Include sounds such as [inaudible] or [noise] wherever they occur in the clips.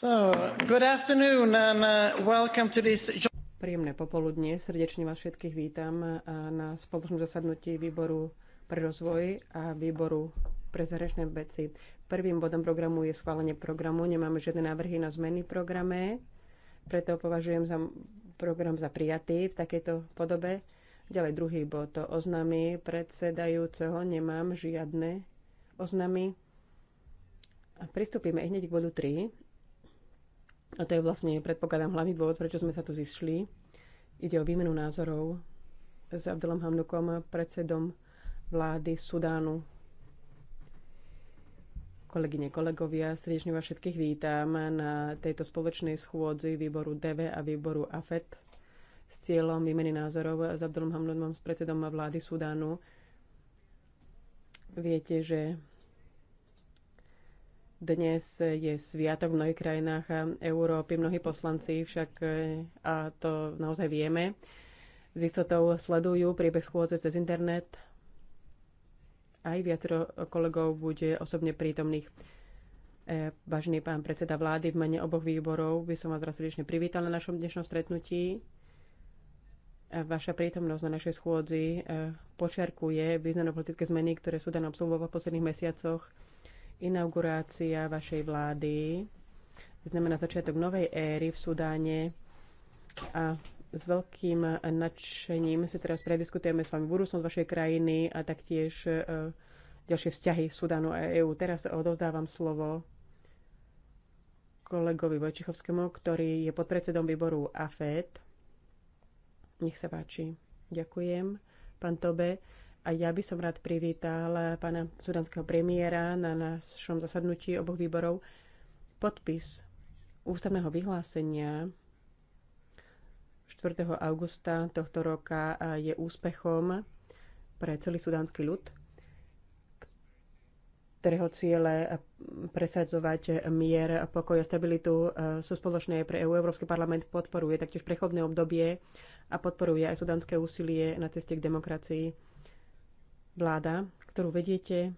So, good afternoon and uh, welcome to this... Príjemné popoludne, srdečne vás všetkých vítam uh, na spoločnom zasadnutí výboru pre rozvoj a výboru pre zahraničné veci. Prvým bodom programu je schválenie programu. Nemáme žiadne návrhy na zmeny v programe, preto považujem za program za prijatý v takejto podobe. Ďalej druhý bod to oznamy predsedajúceho. Nemám žiadne oznamy. pristúpime hneď k bodu 3. A to je vlastne, predpokladám, hlavný dôvod, prečo sme sa tu zišli. Ide o výmenu názorov s Abdelom Hamnukom, predsedom vlády Sudánu. Kolegyne, kolegovia, srdečne vás všetkých vítam na tejto spoločnej schôdzi výboru DV a výboru AFET s cieľom výmeny názorov s Abdelom Hamnukom, s predsedom vlády Sudánu. Viete, že dnes je sviatok v mnohých krajinách Európy, mnohí poslanci však, e, a to naozaj vieme, s istotou sledujú priebeh schôdze cez internet. Aj viacero kolegov bude osobne prítomných. E, vážený pán predseda vlády, v mene oboch výborov by som vás srdečne privítal na našom dnešnom stretnutí. E, vaša prítomnosť na našej schôdzi počiarkuje významné politické zmeny, ktoré Sudan absolvoval v posledných mesiacoch Inaugurácia vašej vlády znamená začiatok novej éry v Sudáne a s veľkým nadšením si teraz prediskutujeme s vami budúcnosť vašej krajiny a taktiež e, ďalšie vzťahy Sudánu a EÚ. Teraz odovzdávam slovo kolegovi Vojčichovskému, ktorý je podpredsedom výboru AFED. Nech sa páči. Ďakujem, pán Tobe. A ja by som rád privítal pána sudanského premiéra na našom zasadnutí oboch výborov podpis ústavného vyhlásenia 4. augusta tohto roka je úspechom pre celý sudánsky ľud, ktorého ciele presadzovať mier, pokoj a stabilitu eh, sú spoločné pre EU. Európsky parlament podporuje taktiež prechodné obdobie a podporuje aj sudánske úsilie na ceste k demokracii Vláda, ktorú vediete,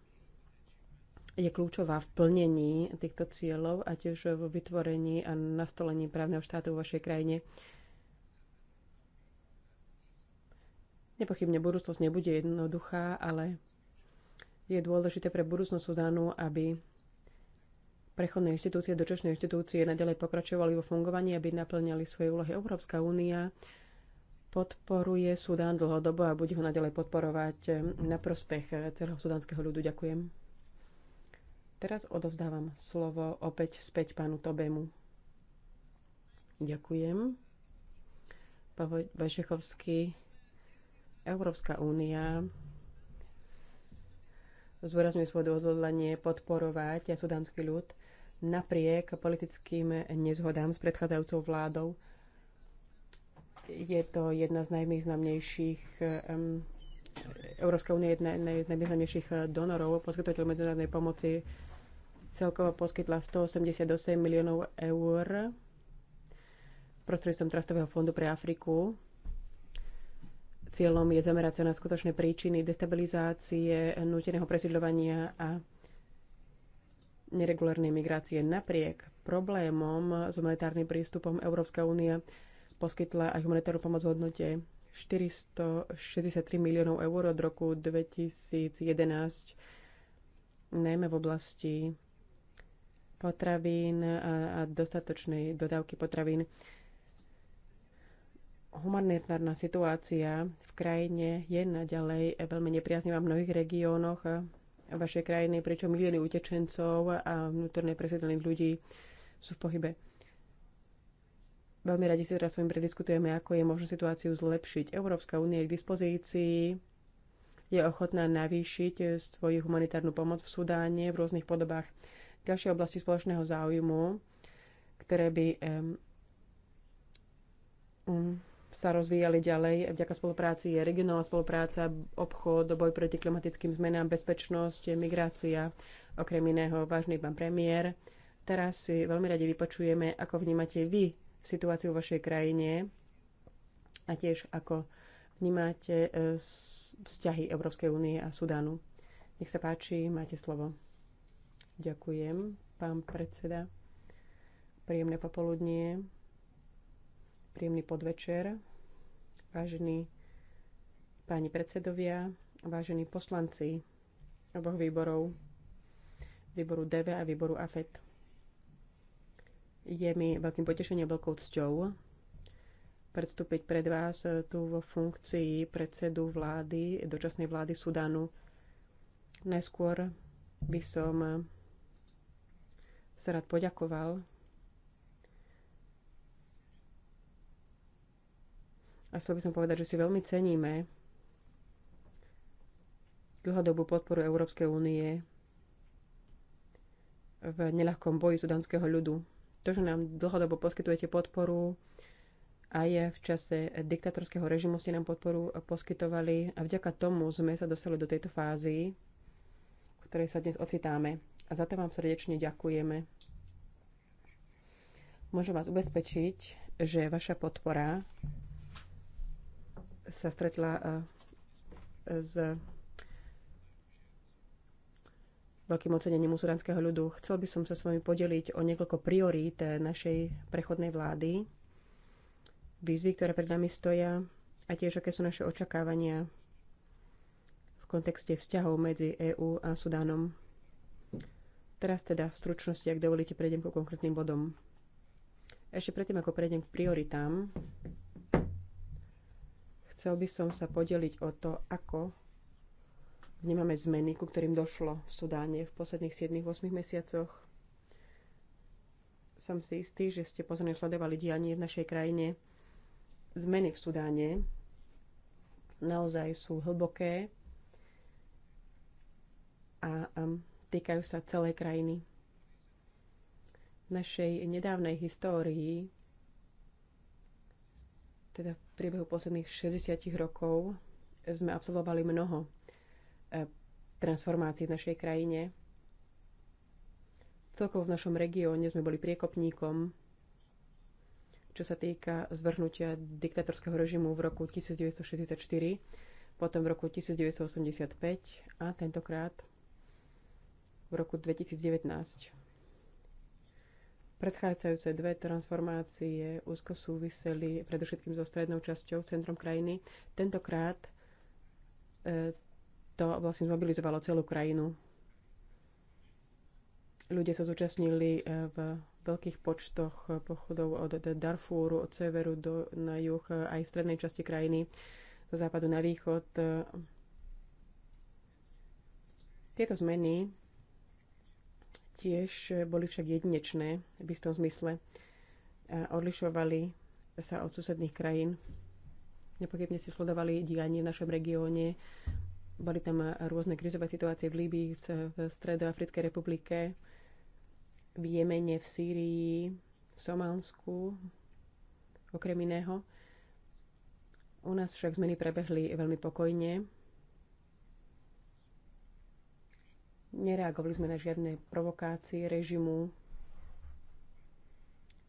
je kľúčová v plnení týchto cieľov a tiež vo vytvorení a nastolení právneho štátu vo vašej krajine. Nepochybne budúcnosť nebude jednoduchá, ale je dôležité pre budúcnosť Sudánu, aby prechodné inštitúcie, dočasné inštitúcie nadalej pokračovali vo fungovaní, aby naplňali svoje úlohy. Európska únia podporuje Sudán dlhodobo a bude ho nadalej podporovať eh, na prospech eh, celého sudánskeho ľudu. Ďakujem. Teraz odovzdávam slovo opäť späť pánu Tobému. Ďakujem. Pavo Bešechovský, Európska únia zúrazňuje svoje odhodlanie podporovať sudánsky ľud napriek politickým nezhodám s predchádzajúcou vládou je to jedna z najvýznamnejších um, Európska únia je jedna, z najvýznamnejších eh, donorov, poskytovateľ medzinárodnej pomoci celkovo poskytla 188 miliónov eur prostredstvom Trastového fondu pre Afriku. Cieľom je zamerať sa na skutočné príčiny destabilizácie, núteného presidľovania a neregulárnej migrácie. Napriek problémom s humanitárnym prístupom Európska únia poskytla aj humanitárnu pomoc v hodnote 463 miliónov eur od roku 2011, najmä v oblasti potravín a, a dostatočnej dodávky potravín. Humanitárna situácia v krajine je naďalej veľmi nepriaznivá v mnohých regiónoch vašej krajiny, prečo milióny utečencov a vnútorne presiedlených ľudí sú v pohybe. Veľmi radi si teraz s vami prediskutujeme, ako je možno situáciu zlepšiť. Európska únia je k dispozícii, je ochotná navýšiť eh, svoju humanitárnu pomoc v Sudáne v rôznych podobách. Ďalšie oblasti spoločného záujmu, ktoré by um, sa rozvíjali ďalej vďaka spolupráci, je regionálna spolupráca, obchod, boj proti klimatickým zmenám, bezpečnosť, eh, migrácia, okrem iného vážny pán premiér. Teraz si veľmi radi vypočujeme, ako vnímate vy situáciu v vašej krajine a tiež ako vnímate e, vzťahy Európskej únie a Sudánu. Nech sa páči, máte slovo. Ďakujem, pán predseda. Príjemné popoludnie, príjemný podvečer, vážení páni predsedovia, vážení poslanci oboch výborov, výboru DV a výboru AFET. Je mi veľkým potešením, veľkou cťou predstúpiť pred vás tu vo funkcii predsedu vlády, dočasnej vlády Sudanu. Najskôr by som sa rád poďakoval a chcel by som povedať, že si veľmi ceníme dlhodobú podporu Európskej únie v neľahkom boji sudanského ľudu to, že nám dlhodobo poskytujete podporu a je v čase diktatorského režimu ste nám podporu poskytovali a vďaka tomu sme sa dostali do tejto fázy, v ktorej sa dnes ocitáme. A za to vám srdečne ďakujeme. Môžem vás ubezpečiť, že vaša podpora sa stretla eh, s veľkým ocenením muzuránskeho ľudu. Chcel by som sa s vami podeliť o niekoľko priorít eh, našej prechodnej vlády, výzvy, ktoré pred nami stoja a tiež aké sú naše očakávania v kontexte vzťahov medzi EÚ a Sudánom. Teraz teda v stručnosti, ak dovolíte, prejdem ku konkrétnym bodom. Ešte predtým, ako prejdem k prioritám, chcel by som sa podeliť o to, ako Vnímame zmeny, ku ktorým došlo v Sudáne v posledných 7-8 mesiacoch. Som si istý, že ste pozorne sledovali dianie v našej krajine. Zmeny v Sudáne naozaj sú hlboké a týkajú sa celej krajiny. V našej nedávnej histórii, teda v priebehu posledných 60 rokov, sme absolvovali mnoho E, transformácii v našej krajine. Celkovo v našom regióne sme boli priekopníkom, čo sa týka zvrhnutia diktatorského režimu v roku 1964, potom v roku 1985 a tentokrát v roku 2019. Predchádzajúce dve transformácie úzko súviseli predovšetkým so strednou časťou, centrom krajiny. Tentokrát e, to vlastne zmobilizovalo celú krajinu. Ľudia sa zúčastnili eh, v veľkých počtoch eh, pochodov od Darfúru, od severu do, na juh, eh, aj v strednej časti krajiny, zo západu na východ. Tieto zmeny tiež boli však jedinečné v istom zmysle. Odlišovali sa od susedných krajín. Nepochybne si sledovali dianie v našom regióne boli tam rôzne krizové situácie v Líbii, v Stredoafrickej republike, v Jemene, v Sýrii, v Somálsku, okrem iného. U nás však zmeny prebehli veľmi pokojne. Nereagovali sme na žiadne provokácie režimu,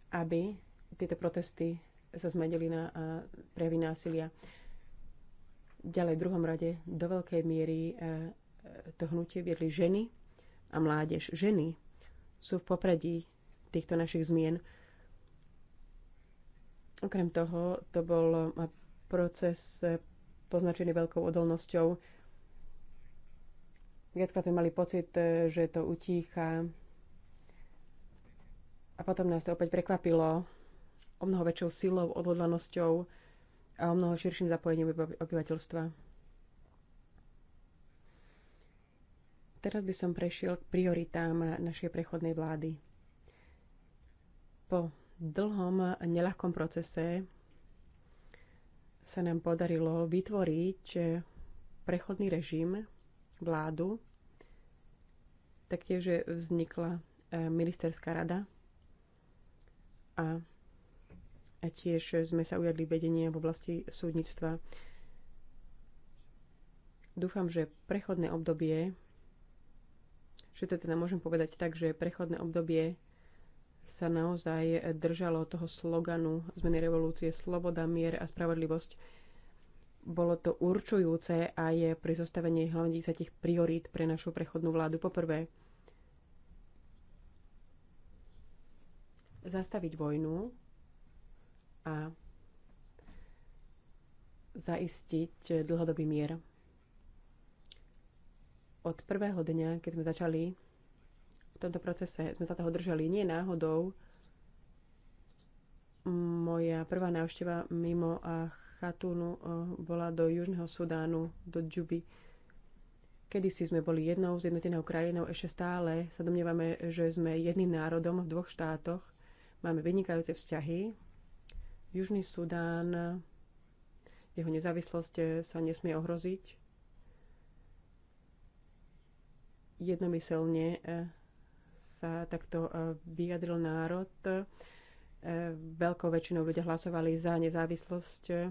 aby tieto protesty sa zmedili na eh, prejavy násilia. Ďalej v druhom rade do veľkej miery e, e, to hnutie viedli ženy a mládež. Ženy sú v popredí týchto našich zmien. Okrem toho, to bol e, proces poznačený veľkou odolnosťou. Viackrát sme mali pocit, že to utícha. A potom nás to opäť prekvapilo o mnoho väčšou silou, odhodlanosťou, a o mnoho širším zapojením obyvateľstva. Teraz by som prešiel k prioritám našej prechodnej vlády. Po dlhom a neľahkom procese sa nám podarilo vytvoriť prechodný režim, vládu, taktiež vznikla eh, ministerská rada a a tiež sme sa ujadli vedenia v oblasti súdnictva. Dúfam, že prechodné obdobie, že to teda môžem povedať tak, že prechodné obdobie sa naozaj držalo toho sloganu zmeny revolúcie Sloboda, mier a spravodlivosť. Bolo to určujúce a je pri zostavení hlavne tých priorít pre našu prechodnú vládu. Poprvé, zastaviť vojnu, a zaistiť dlhodobý mier. Od prvého dňa, keď sme začali v tomto procese, sme sa toho držali. Nie náhodou moja prvá návšteva mimo Chatunu eh, bola do Južného Sudánu, do Džuby. Kedysi sme boli jednou z jednotenou krajinou, ešte stále sa domnievame, že sme jedným národom v dvoch štátoch. Máme vynikajúce vzťahy, Južný Sudán, jeho nezávislosť sa nesmie ohroziť. Jednomyselne eh, sa takto eh, vyjadril národ. Eh, veľkou väčšinou ľudia hlasovali za nezávislosť.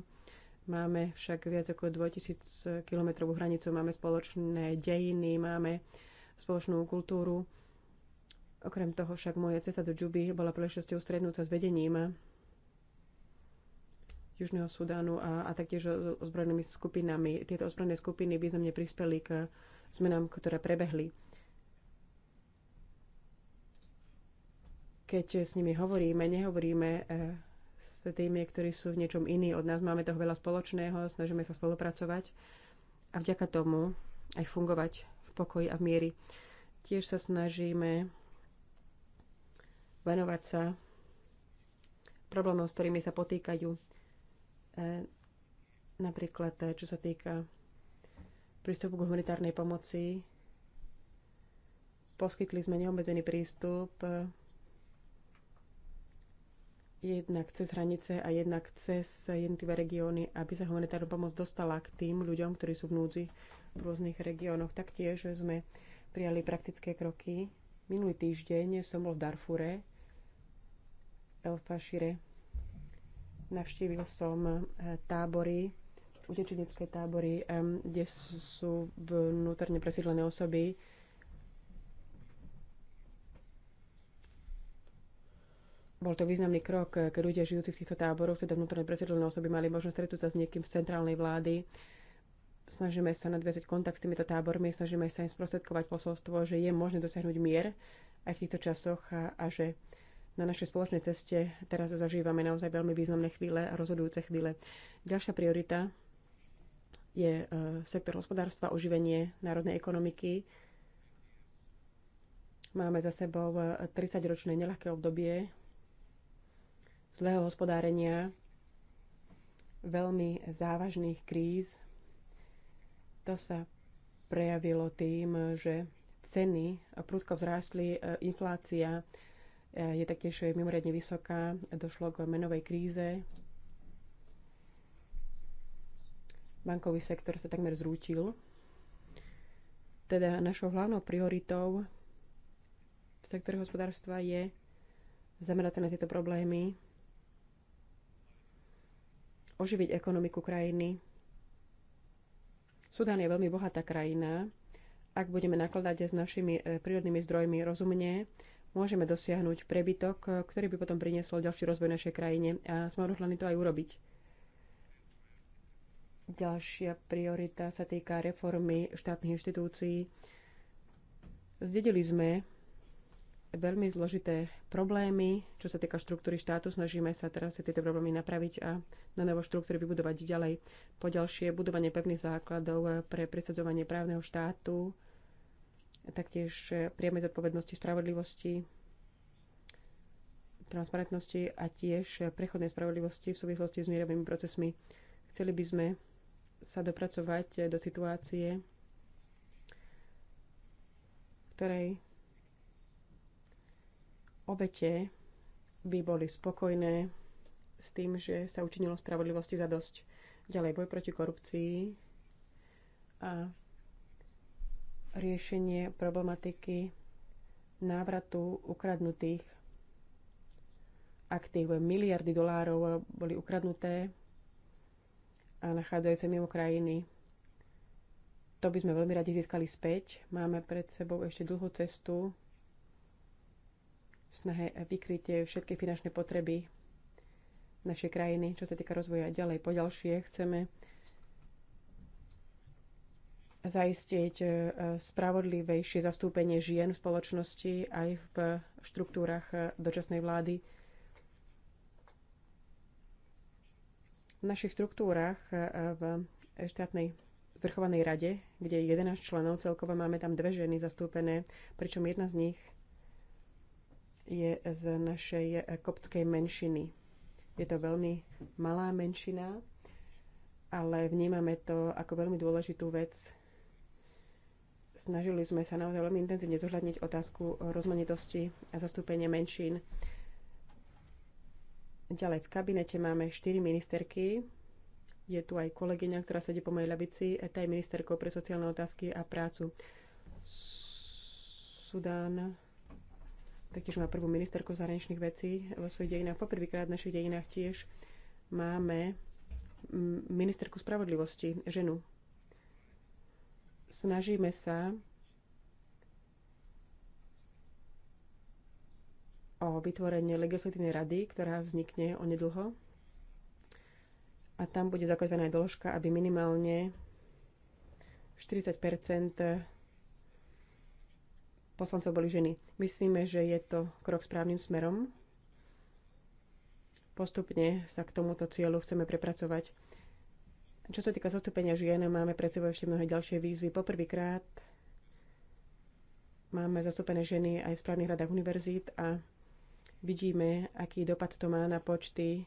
Máme však viac ako 2000 km hranicu, máme spoločné dejiny, máme spoločnú kultúru. Okrem toho však moja cesta do Džuby bola príležitosťou strednúť sa s vedením Južného Sudánu a, a taktiež s ozbrojenými skupinami. Tieto ozbrojené skupiny významne prispeli k zmenám, ktoré prebehli. Keď s nimi hovoríme, nehovoríme e, s tými, ktorí sú v niečom iní od nás. Máme toho veľa spoločného, snažíme sa spolupracovať a vďaka tomu aj fungovať v pokoji a v miery. Tiež sa snažíme venovať sa problémov, s ktorými sa potýkajú E, napríklad, e, čo sa týka prístupu k humanitárnej pomoci, poskytli sme neobmedzený prístup e, jednak cez hranice a jednak cez jednotlivé regióny, aby sa humanitárna pomoc dostala k tým ľuďom, ktorí sú v núdzi v rôznych regiónoch. Taktiež sme prijali praktické kroky. Minulý týždeň som bol v Darfure, El Fashire, Navštívil som e, tábory, utečenecké tábory, e, kde sú vnútorne presídlené osoby. Bol to významný krok, e, keď ľudia žijúci v týchto táboroch, teda vnútorne presídlené osoby, mali možnosť stretnúť sa s niekým z centrálnej vlády. Snažíme sa nadviazať kontakt s týmito tábormi, snažíme sa im sprostredkovať posolstvo, že je možné dosiahnuť mier aj v týchto časoch a, a že na našej spoločnej ceste teraz zažívame naozaj veľmi významné chvíle a rozhodujúce chvíle. Ďalšia priorita je e, sektor hospodárstva, oživenie národnej ekonomiky. Máme za sebou 30-ročné e, nelahké obdobie zlého hospodárenia, veľmi závažných kríz. To sa prejavilo tým, že ceny prudko vzrástli, e, inflácia Eh, je taktiež mimoriadne vysoká. Došlo k menovej kríze. Bankový sektor sa takmer zrútil. Teda našou hlavnou prioritou v sektore hospodárstva je zamerať na tieto problémy, oživiť ekonomiku krajiny. Sudán je veľmi bohatá krajina. Ak budeme nakladať s našimi eh, prírodnými zdrojmi rozumne, môžeme dosiahnuť prebytok, eh, ktorý by potom priniesol ďalší rozvoj našej krajine a sme odhodlaní to aj urobiť. Ďalšia priorita sa týka reformy štátnych inštitúcií. Zdedili sme veľmi zložité problémy, čo sa týka štruktúry štátu. Snažíme sa teraz si tieto problémy napraviť a na novo štruktúry vybudovať ďalej. Po ďalšie, budovanie pevných základov eh, pre presadzovanie právneho štátu, taktiež e, priamej zodpovednosti spravodlivosti, transparentnosti a tiež e, prechodnej spravodlivosti v súvislosti s mierovými procesmi. Chceli by sme sa dopracovať e, do situácie, v ktorej obete by boli spokojné s tým, že sa učinilo spravodlivosti za dosť. Ďalej boj proti korupcii a riešenie problematiky návratu ukradnutých aktív. Miliardy dolárov boli ukradnuté a nachádzajú sa mimo krajiny. To by sme veľmi radi získali späť. Máme pred sebou ešte dlhú cestu v snahe vykrytie všetky finančné potreby našej krajiny, čo sa týka rozvoja ďalej. Po ďalšie chceme zaistiť e, spravodlivejšie zastúpenie žien v spoločnosti aj v štruktúrach e, dočasnej vlády. V našich štruktúrach e, v štátnej zvrchovanej rade, kde je 11 členov, celkovo máme tam dve ženy zastúpené, pričom jedna z nich je z našej koptskej menšiny. Je to veľmi malá menšina, ale vnímame to ako veľmi dôležitú vec Snažili sme sa naozaj veľmi intenzívne zohľadniť otázku rozmanitosti a zastúpenia menšín. Ďalej v kabinete máme štyri ministerky. Je tu aj kolegyňa, ktorá sedí po mojej labici, e, tá je ministerkou pre sociálne otázky a prácu. Sudán taktiež má prvú ministerku zahraničných vecí vo svojich dejinách. Poprvýkrát v našich dejinách tiež máme ministerku spravodlivosti, ženu snažíme sa o vytvorenie legislatívnej rady, ktorá vznikne onedlho. A tam bude zakotvená aj doložka, aby minimálne 40 poslancov boli ženy. Myslíme, že je to krok správnym smerom. Postupne sa k tomuto cieľu chceme prepracovať. Čo sa týka zastúpenia žien, máme pred sebou ešte mnohé ďalšie výzvy. Poprvýkrát máme zastúpené ženy aj v správnych radách univerzít a vidíme, aký dopad to má na počty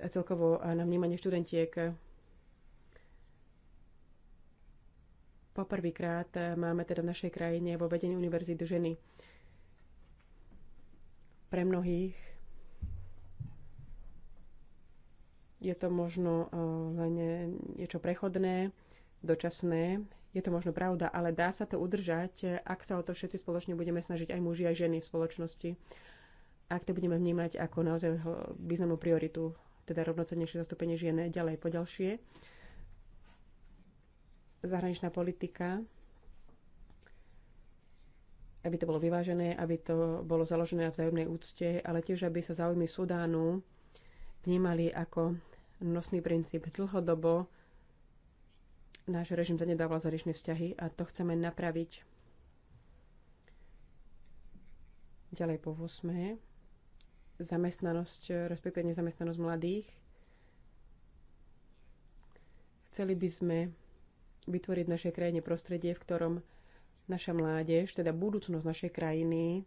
a celkovo na vnímanie študentiek. Poprvýkrát máme teda v našej krajine vo vedení univerzít ženy. Pre mnohých Je to možno eh, len niečo prechodné, dočasné. Je to možno pravda, ale dá sa to udržať, ak sa o to všetci spoločne budeme snažiť, aj muži, aj ženy v spoločnosti. Ak to budeme vnímať ako naozaj eh, významnú prioritu, teda rovnocennejšie zastúpenie žien ďalej po ďalšie. Zahraničná politika aby to bolo vyvážené, aby to bolo založené na vzájomnej úcte, ale tiež, aby sa záujmy Sudánu vnímali ako nosný princíp. Dlhodobo náš režim zanedával zahraničné vzťahy a to chceme napraviť. Ďalej po 8. Zamestnanosť, respektíve nezamestnanosť mladých. Chceli by sme vytvoriť v našej krajine prostredie, v ktorom naša mládež, teda budúcnosť našej krajiny,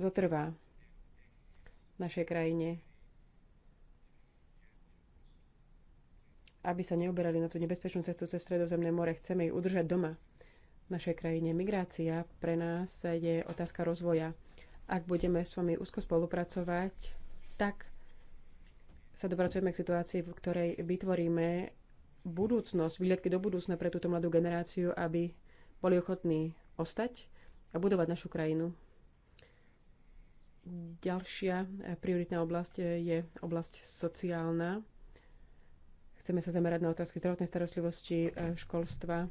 zotrvá v našej krajine aby sa neoberali na tú nebezpečnú cestu cez Stredozemné more. Chceme ich udržať doma v našej krajine. Migrácia pre nás je otázka rozvoja. Ak budeme s vami úzko spolupracovať, tak sa dopracujeme k situácii, v ktorej vytvoríme budúcnosť, výhľadky do budúcna pre túto mladú generáciu, aby boli ochotní ostať a budovať našu krajinu. Ďalšia prioritná oblasť je oblasť sociálna. Chceme sa zamerať na otázky zdravotnej starostlivosti, eh, školstva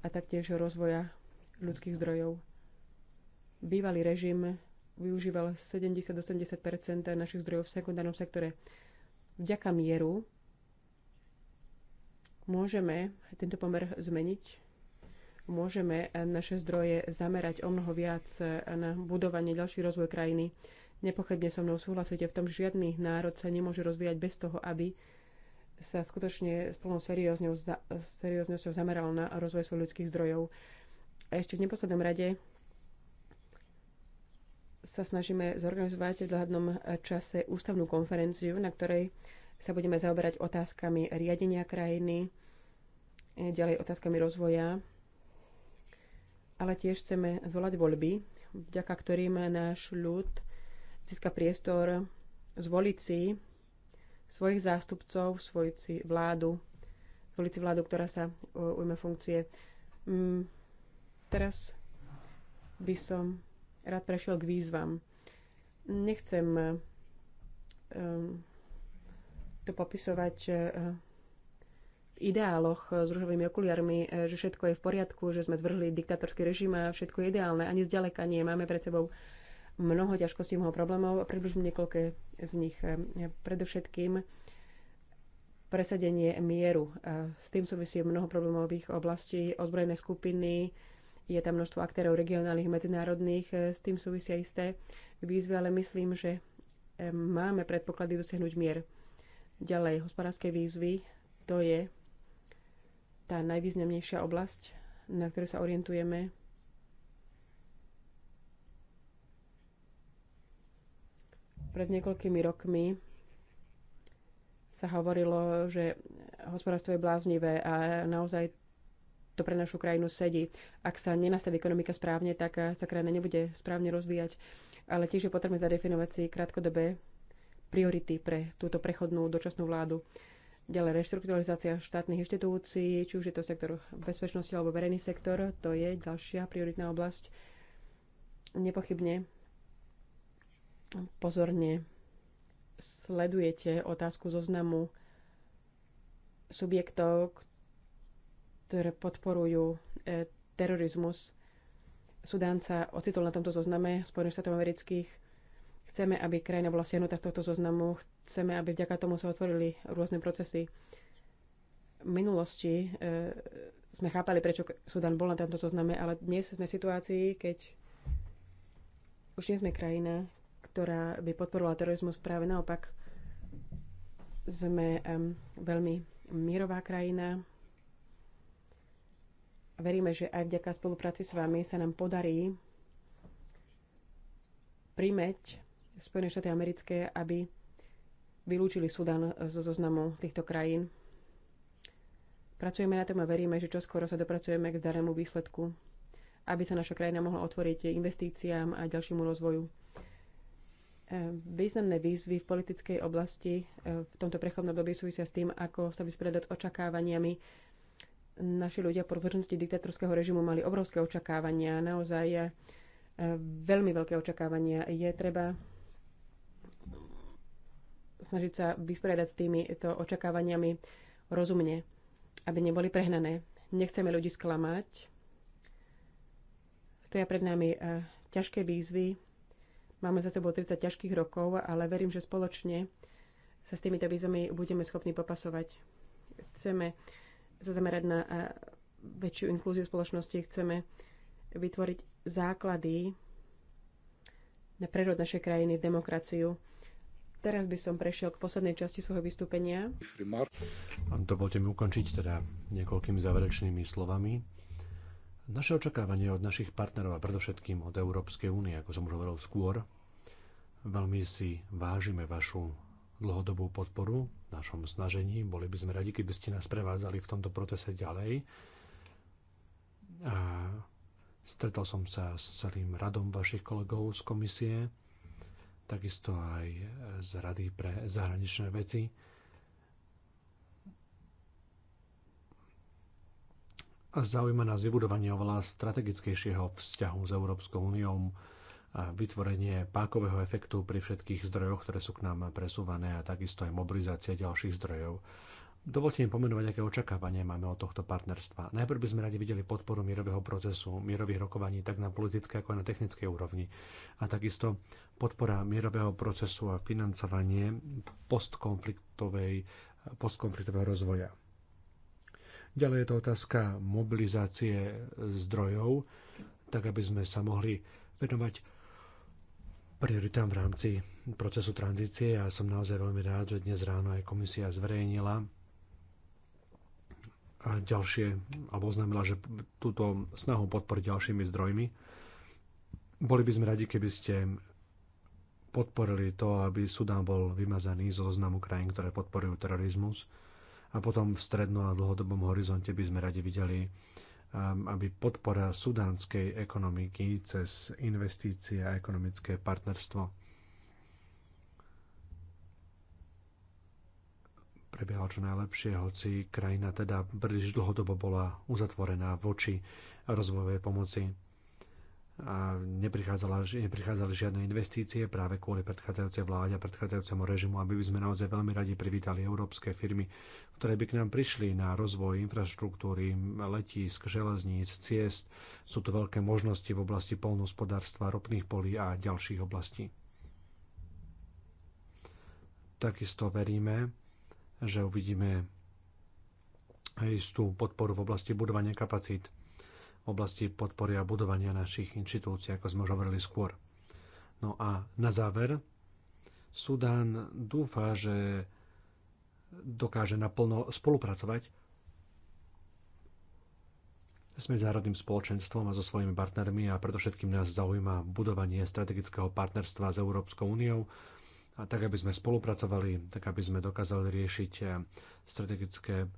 a taktiež rozvoja ľudských zdrojov. Bývalý režim využíval 70-80 našich zdrojov v sekundárnom sektore. Vďaka mieru môžeme tento pomer zmeniť môžeme eh, naše zdroje zamerať o mnoho viac eh, na budovanie ďalší rozvoj krajiny. Nepochybne so mnou súhlasíte v tom, že žiadny národ sa nemôže rozvíjať bez toho, aby sa skutočne s plnou serióznosťou zameral na rozvoj svojich ľudských zdrojov. A ešte v neposlednom rade sa snažíme zorganizovať v dohadnom čase ústavnú konferenciu, na ktorej sa budeme zaoberať otázkami riadenia krajiny, ďalej otázkami rozvoja, ale tiež chceme zvolať voľby, vďaka ktorým náš ľud získa priestor zvoliť si svojich zástupcov, svojci vládu, zvoliť vládu, ktorá sa e, ujme funkcie. Mm, teraz by som rád prešiel k výzvam. Nechcem e, to popisovať e, v ideáloch s ružovými okuliarmi, že všetko je v poriadku, že sme zvrhli diktatorský režim a všetko je ideálne. Ani zďaleka nie. Máme pred sebou mnoho ťažkostí, mnoho problémov. Približím niekoľké z nich. Eh, predovšetkým presadenie mieru. S tým súvisí mnoho problémových oblastí, ozbrojené skupiny, je tam množstvo aktérov regionálnych, medzinárodných, eh, s tým súvisia isté výzvy, ale myslím, že eh, máme predpoklady dosiahnuť mier. Ďalej, hospodárske výzvy, to je tá najvýznamnejšia oblasť, na ktorú sa orientujeme Pred niekoľkými rokmi sa hovorilo, že hospodárstvo je bláznivé a naozaj to pre našu krajinu sedí. Ak sa nenastaví ekonomika správne, tak sa krajina nebude správne rozvíjať. Ale tiež je potrebné zadefinovať si krátkodobé priority pre túto prechodnú dočasnú vládu. Ďalej reštrukturalizácia štátnych inštitúcií, či už je to sektor bezpečnosti alebo verejný sektor, to je ďalšia prioritná oblasť. Nepochybne pozorne sledujete otázku zoznamu subjektov, ktoré podporujú e, terorizmus. Sudán sa ocitol na tomto zozname Spojených štátov amerických. Chceme, aby krajina bola siahnutá z tohto zoznamu. Chceme, aby vďaka tomu sa otvorili rôzne procesy. V minulosti e, sme chápali, prečo Sudán bol na tomto zozname, ale dnes sme v situácii, keď už nie sme krajina, ktorá by podporovala terorizmus. Práve naopak sme um, veľmi mírová krajina. Veríme, že aj vďaka spolupráci s vami sa nám podarí primeť Spojené štáty americké, aby vylúčili Sudan zo zoznamu týchto krajín. Pracujeme na tom a veríme, že čoskoro sa dopracujeme k zdarému výsledku, aby sa naša krajina mohla otvoriť investíciám a ďalšiemu rozvoju. Významné výzvy v politickej oblasti e, v tomto prechodnom období súvisia s tým, ako sa vysporiadať s očakávaniami. Naši ľudia po vrhnutí diktatorského režimu mali obrovské očakávania, naozaj e, veľmi veľké očakávania. Je treba snažiť sa vysporiadať s týmito očakávaniami rozumne, aby neboli prehnané. Nechceme ľudí sklamať. Stoja pred nami e, ťažké výzvy, Máme za sebou 30 ťažkých rokov, ale verím, že spoločne sa s týmito výzvami budeme schopní popasovať. Chceme sa zamerať na eh, väčšiu inklúziu spoločnosti, chceme vytvoriť základy na prerod našej krajiny, v demokraciu. Teraz by som prešiel k poslednej časti svojho vystúpenia. Dovolte mi ukončiť teda niekoľkými záverečnými slovami. Naše očakávanie od našich partnerov a predovšetkým od Európskej únie, ako som už hovoril skôr, veľmi si vážime vašu dlhodobú podporu v našom snažení. Boli by sme radi, keby ste nás prevádzali v tomto procese ďalej. A stretol som sa s celým radom vašich kolegov z komisie, takisto aj z Rady pre zahraničné veci Zaujíma nás vybudovanie oveľa strategickejšieho vzťahu s Európskou úniou, a vytvorenie pákového efektu pri všetkých zdrojoch, ktoré sú k nám presúvané a takisto aj mobilizácia ďalších zdrojov. Dovolte mi pomenovať, aké očakávanie máme od tohto partnerstva. Najprv by sme radi videli podporu mierového procesu, mierových rokovaní tak na politickej ako aj na technickej úrovni. A takisto podpora mierového procesu a financovanie postkonfliktovej, postkonfliktového rozvoja. Ďalej je to otázka mobilizácie zdrojov, tak aby sme sa mohli venovať prioritám v rámci procesu tranzície. Ja som naozaj veľmi rád, že dnes ráno aj komisia zverejnila a ďalšie, alebo oznámila, že túto snahu podporiť ďalšími zdrojmi. Boli by sme radi, keby ste podporili to, aby Sudán bol vymazaný zo zoznamu krajín, ktoré podporujú terorizmus a potom v strednom a dlhodobom horizonte by sme radi videli, um, aby podpora sudánskej ekonomiky cez investície a ekonomické partnerstvo prebiehala čo najlepšie, hoci krajina teda príliš dlhodobo bola uzatvorená voči rozvojovej pomoci a neprichádzali žiadne investície práve kvôli predchádzajúcej vláde a predchádzajúcemu režimu, aby by sme naozaj veľmi radi privítali európske firmy, ktoré by k nám prišli na rozvoj infraštruktúry, letísk, železníc, ciest. Sú tu veľké možnosti v oblasti polnohospodárstva, ropných polí a ďalších oblastí. Takisto veríme, že uvidíme istú podporu v oblasti budovania kapacít v oblasti podpory a budovania našich inštitúcií, ako sme už hovorili skôr. No a na záver, Sudán dúfa, že dokáže naplno spolupracovať s medzinárodným spoločenstvom a so svojimi partnermi a preto všetkým nás zaujíma budovanie strategického partnerstva s Európskou úniou, a tak aby sme spolupracovali, tak aby sme dokázali riešiť strategické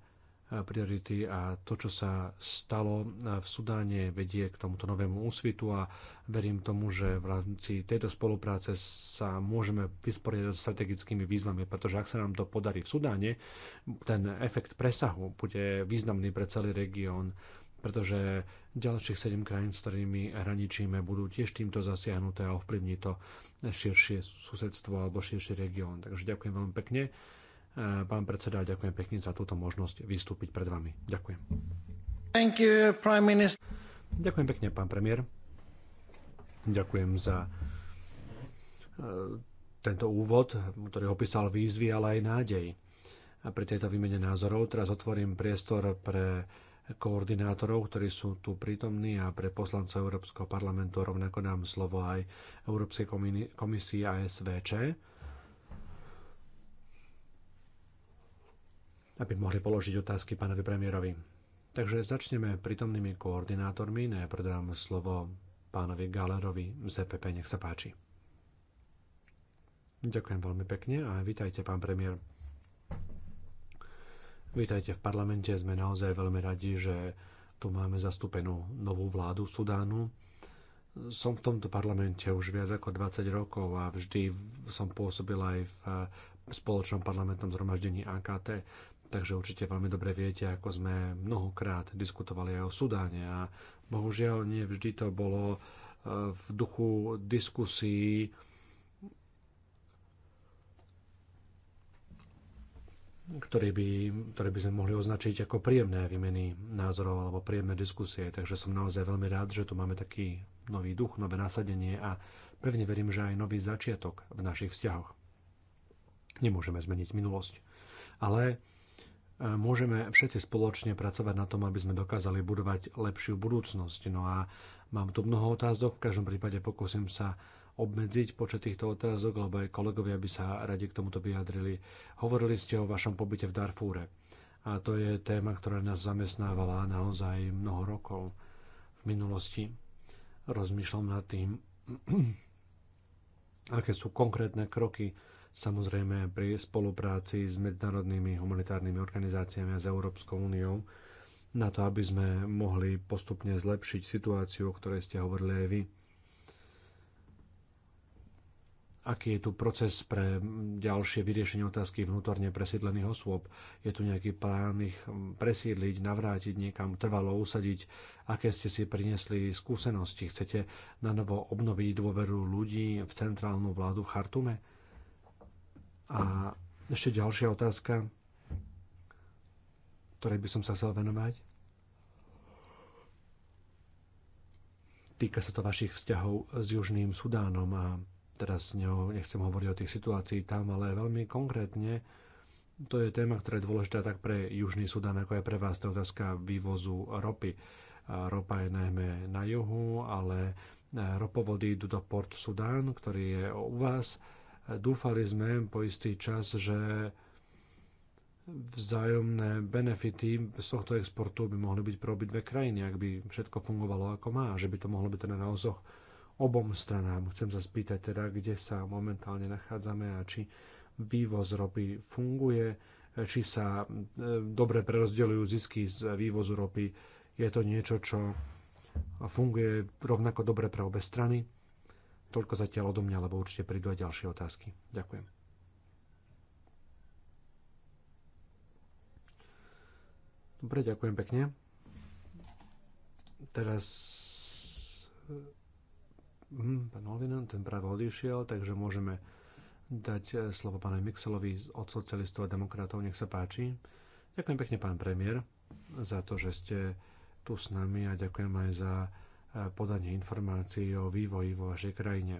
Eh, priority a to, čo sa stalo eh, v Sudáne, vedie k tomuto novému úsvitu a verím tomu, že v rámci tejto spolupráce sa môžeme vysporiadať s strategickými výzvami, pretože ak sa nám to podarí v Sudáne, ten efekt presahu bude významný pre celý región, pretože ďalších 7 krajín, s ktorými hraničíme, budú tiež týmto zasiahnuté a ovplyvní to širšie susedstvo alebo širší región. Takže ďakujem veľmi pekne Eh, pán predseda, ďakujem pekne za túto možnosť vystúpiť pred vami. Ďakujem. Thank you, Prime Minister. Ďakujem pekne, pán premiér. Ďakujem za eh, tento úvod, ktorý opísal výzvy, ale aj nádej. A pri tejto výmene názorov teraz otvorím priestor pre koordinátorov, ktorí sú tu prítomní a pre poslancov Európskeho parlamentu rovnako dám slovo aj Európskej komisii a aby mohli položiť otázky pánovi premiérovi. Takže začneme prítomnými koordinátormi. Najprv dám slovo pánovi Galerovi z EPP. Nech sa páči. Ďakujem veľmi pekne a vítajte, pán premiér. Vítajte v parlamente. Sme naozaj veľmi radi, že tu máme zastúpenú novú vládu Sudánu. Som v tomto parlamente už viac ako 20 rokov a vždy som pôsobil aj v eh, spoločnom parlamentnom zhromaždení AKT. Takže určite veľmi dobre viete, ako sme mnohokrát diskutovali aj o Sudáne a bohužiaľ nie vždy to bolo e, v duchu diskusí ktorý by, ktorý by sme mohli označiť ako príjemné výmeny názorov alebo príjemné diskusie. Takže som naozaj veľmi rád, že tu máme taký nový duch, nové nasadenie a pevne verím, že aj nový začiatok v našich vzťahoch. Nemôžeme zmeniť minulosť, ale môžeme všetci spoločne pracovať na tom, aby sme dokázali budovať lepšiu budúcnosť. No a mám tu mnoho otázok, v každom prípade pokúsim sa obmedziť počet týchto otázok, lebo aj kolegovia by sa radi k tomuto vyjadrili. Hovorili ste o vašom pobyte v Darfúre. A to je téma, ktorá nás zamestnávala naozaj mnoho rokov v minulosti. Rozmýšľam nad tým, [clears throat] aké sú konkrétne kroky, samozrejme pri spolupráci s medzinárodnými humanitárnymi organizáciami a s Európskou úniou na to, aby sme mohli postupne zlepšiť situáciu, o ktorej ste hovorili aj vy. Aký je tu proces pre ďalšie vyriešenie otázky vnútorne presídlených osôb? Je tu nejaký plán ich presídliť, navrátiť niekam, trvalo usadiť? Aké ste si priniesli skúsenosti? Chcete na novo obnoviť dôveru ľudí v centrálnu vládu v Chartume? A ešte ďalšia otázka, ktorej by som sa chcel venovať. Týka sa to vašich vzťahov s Južným Sudánom a teraz ňou nechcem hovoriť o tých situácií tam, ale veľmi konkrétne to je téma, ktorá je dôležitá tak pre Južný sudán, ako aj pre vás. To je otázka vývozu ropy. A ropa je najmä na juhu, ale e, ropovody idú do Port Sudán, ktorý je u vás Dúfali sme po istý čas, že vzájomné benefity z tohto exportu by mohli byť pre obidve krajiny, ak by všetko fungovalo ako má, že by to mohlo byť teda na osoch obom stranám. Chcem sa spýtať teda, kde sa momentálne nachádzame a či vývoz ropy funguje, či sa e, dobre prerozdeľujú zisky z vývozu ropy. Je to niečo, čo funguje rovnako dobre pre obe strany. Toľko zatiaľ odo mňa, lebo určite prídu aj ďalšie otázky. Ďakujem. Dobre, ďakujem pekne. Teraz eh, hm, pán Olvinen, ten práve odišiel, takže môžeme dať eh, slovo pánovi Mixelovi od socialistov a demokratov. Nech sa páči. Ďakujem pekne, pán premiér, za to, že ste tu s nami a ďakujem aj za podanie informácií o vývoji vo vašej krajine.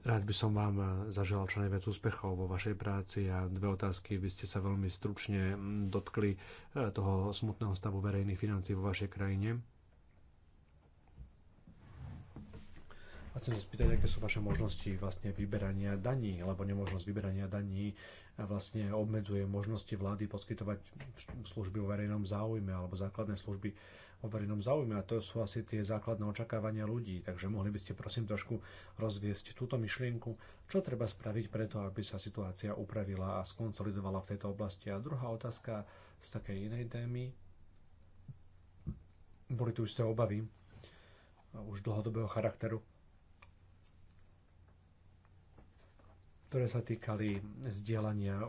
Rád by som vám zaželal čo najviac úspechov vo vašej práci a dve otázky. Vy ste sa veľmi stručne dotkli eh, toho smutného stavu verejných financí vo vašej krajine. A chcem sa spýtať, aké sú vaše možnosti vlastne vyberania daní, alebo nemožnosť vyberania daní vlastne obmedzuje možnosti vlády poskytovať služby o verejnom záujme alebo základné služby o verejnom záujme a to sú asi tie základné očakávania ľudí. Takže mohli by ste prosím trošku rozviesť túto myšlienku, čo treba spraviť preto, aby sa situácia upravila a skonsolidovala v tejto oblasti. A druhá otázka z takej inej témy. Boli tu isté obavy už dlhodobého charakteru ktoré sa týkali zdieľania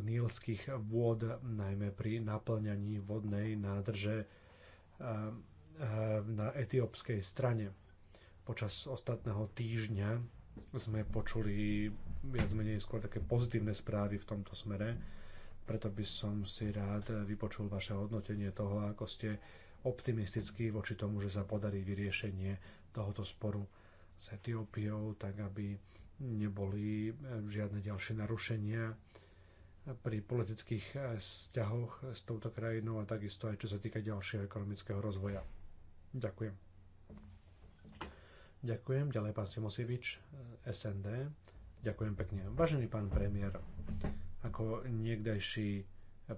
nílskych vôd, najmä pri naplňaní vodnej nádrže eh, eh, na etiópskej strane. Počas ostatného týždňa sme počuli viac menej skôr také pozitívne správy v tomto smere, preto by som si rád vypočul vaše hodnotenie toho, ako ste optimistickí voči tomu, že sa podarí vyriešenie tohoto sporu s Etiópiou, tak aby neboli eh, žiadne ďalšie narušenia pri politických eh, vzťahoch s touto krajinou a takisto aj čo sa týka ďalšieho ekonomického rozvoja. Ďakujem. Ďakujem. Ďalej pán Simosivič, eh, SND. Ďakujem pekne. Vážený pán premiér, ako niekdajší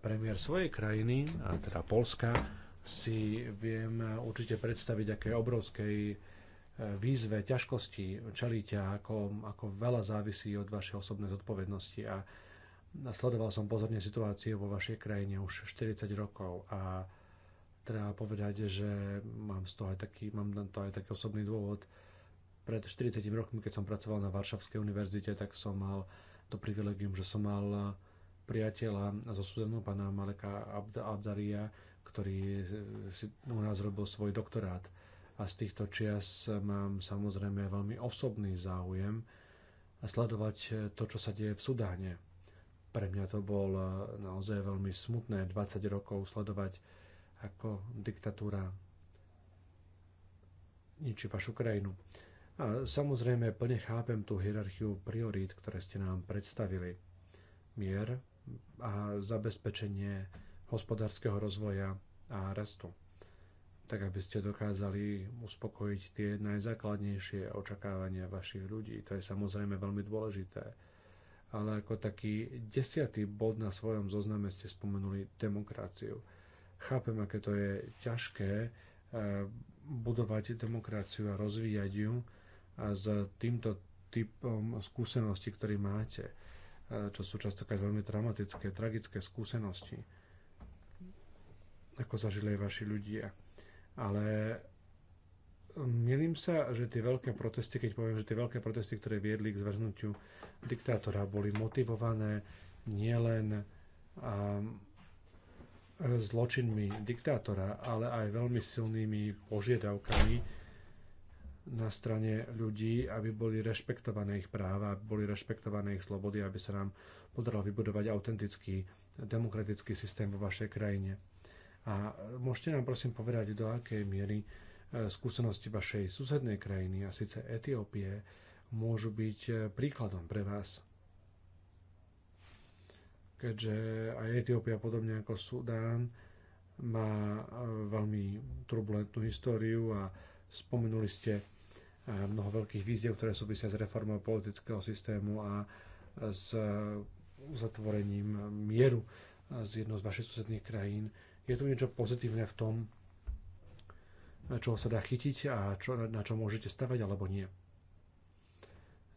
premiér svojej krajiny, a teda Polska, si viem určite predstaviť, aké obrovskej výzve, ťažkosti čelíte, ako, ako veľa závisí od vašej osobnej zodpovednosti. A sledoval som pozorne situáciu vo vašej krajine už 40 rokov a treba povedať, že mám, z toho aj taký, mám to aj taký osobný dôvod. Pred 40 rokmi, keď som pracoval na Varšavskej univerzite, tak som mal to privilegium, že som mal priateľa zo Sudanu, pána Maleka Abdaria, ktorý si u nás robil svoj doktorát a z týchto čias mám samozrejme veľmi osobný záujem a sledovať to, čo sa deje v Sudáne. Pre mňa to bol eh, naozaj veľmi smutné 20 rokov sledovať, ako diktatúra ničí vašu krajinu. A samozrejme plne chápem tú hierarchiu priorít, ktoré ste nám predstavili. Mier a zabezpečenie hospodárskeho rozvoja a rastu tak aby ste dokázali uspokojiť tie najzákladnejšie očakávania vašich ľudí. To je samozrejme veľmi dôležité. Ale ako taký desiatý bod na svojom zozname ste spomenuli demokraciu. Chápem, aké to je ťažké eh, budovať demokraciu a rozvíjať ju a s týmto typom skúseností, ktorý máte, eh, čo sú častokrát veľmi dramatické, tragické skúsenosti, ako zažili aj vaši ľudia ale um, milím sa, že tie veľké protesty, keď poviem, že tie veľké protesty, ktoré viedli k zvrhnutiu diktátora, boli motivované nielen um, zločinmi diktátora, ale aj veľmi silnými požiadavkami na strane ľudí, aby boli rešpektované ich práva, aby boli rešpektované ich slobody, aby sa nám podarilo vybudovať autentický demokratický systém vo vašej krajine. A môžete nám prosím povedať, do akej miery e, skúsenosti vašej susednej krajiny, a síce Etiópie, môžu byť e, príkladom pre vás. Keďže aj Etiópia, podobne ako Sudán, má e, veľmi turbulentnú históriu a spomenuli ste mnoho veľkých víziev, ktoré súvisia s reformou politického systému a s uzatvorením mieru z jednou z vašich susedných krajín je tu niečo pozitívne v tom, čo sa dá chytiť a čo, na čo môžete stavať alebo nie.